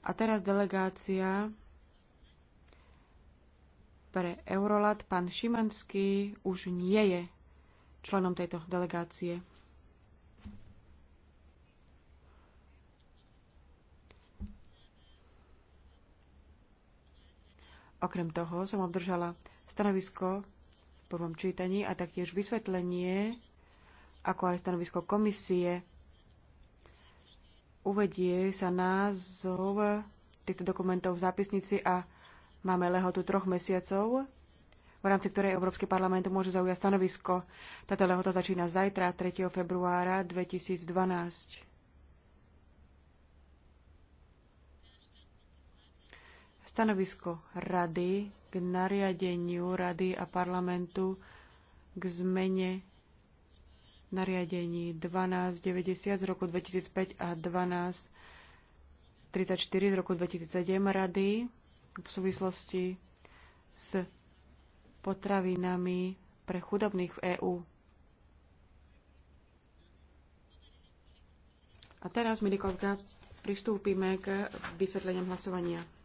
A teraz delegácia pre Eurolat. Pán Šimanský už nie je členom tejto delegácie. Okrem toho som obdržala stanovisko v prvom čítaní a taktiež vysvetlenie, ako aj stanovisko komisie uvedie sa názov týchto dokumentov v zápisnici a máme lehotu troch mesiacov, v rámci ktorej Európsky parlament môže zaujať stanovisko. Táto lehota začína zajtra, 3. februára 2012. Stanovisko Rady k nariadeniu Rady a parlamentu k zmene nariadení 1290 z roku 2005 a 1234 z roku 2007 rady v súvislosti s potravinami pre chudobných v EÚ. A teraz, milí kolega, pristúpime k vysvetleniam hlasovania.